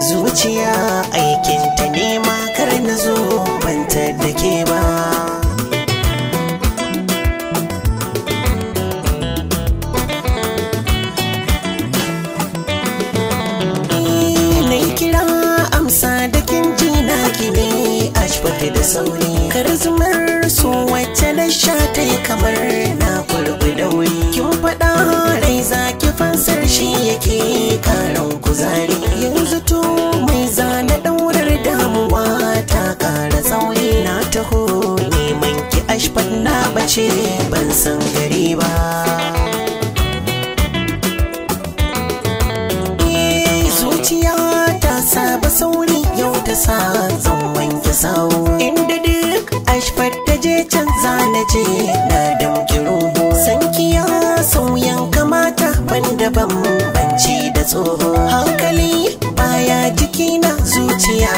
zuciya aikinta nema kar na zo banta eh, da ke ba da sauri kar zumar su wacce na sha ta kamar kuzari yanzu to mai zane ɗaurar damuwa ta ƙara sauri na taho neman ki ashfat na bace ban san gari ba eh, zuciya ta saba sauri yau ta sa zan wanke sawo inda duk ashfar ta je can zane na damki ruhu sankiya tsoho hankali baya jikina zuciya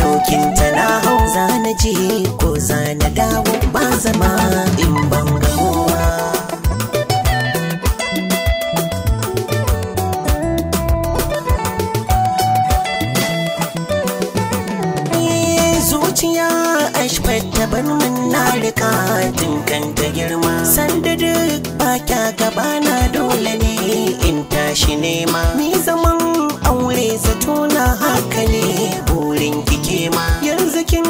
dokin ta na hau zana ji ko zana dawo ba zama in ban Eh zuciya ta ban na rika tun kan ta girma sanda duk ba kya gaba na dole ne tashi nema ni zaman aure zato na haka ne burin kike ma yanzu kin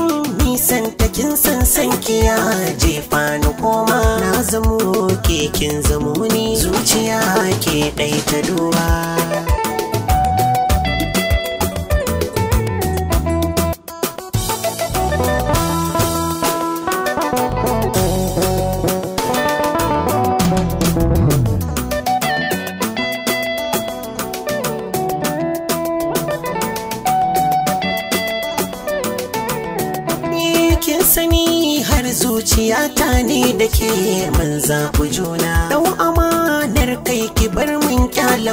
nisan kin san san kiya jefa ni koma na zamo ke kin zamo ni zuciya ke ɗai ta duba zuciyata ne da ke mun zaɓi juna Dau amanar kai ki bar mun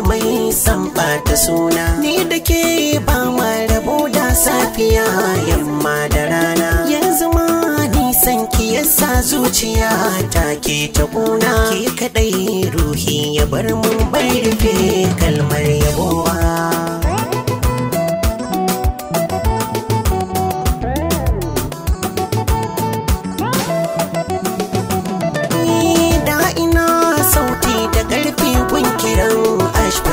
mai samba ta suna Ni da ke ba ma rabo da safiya yamma da rana Yanzu ma nisan ki yasa zuciya ta ke ta ƙuna Ke kaɗai ruhi ya bar mun bai rufe kalmar yabowa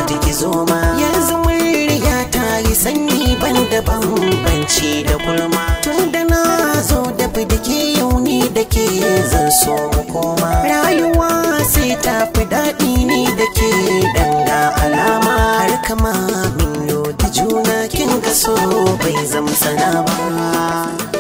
take zoma yanzu murya ta yi sanyi ban da bambanci da kulma tun da na zo da fidike yau ne da ke zan so mu koma rayuwa sai ta fi daɗi ne da ke danga alama har kama min da juna kin ga bai zama sana ba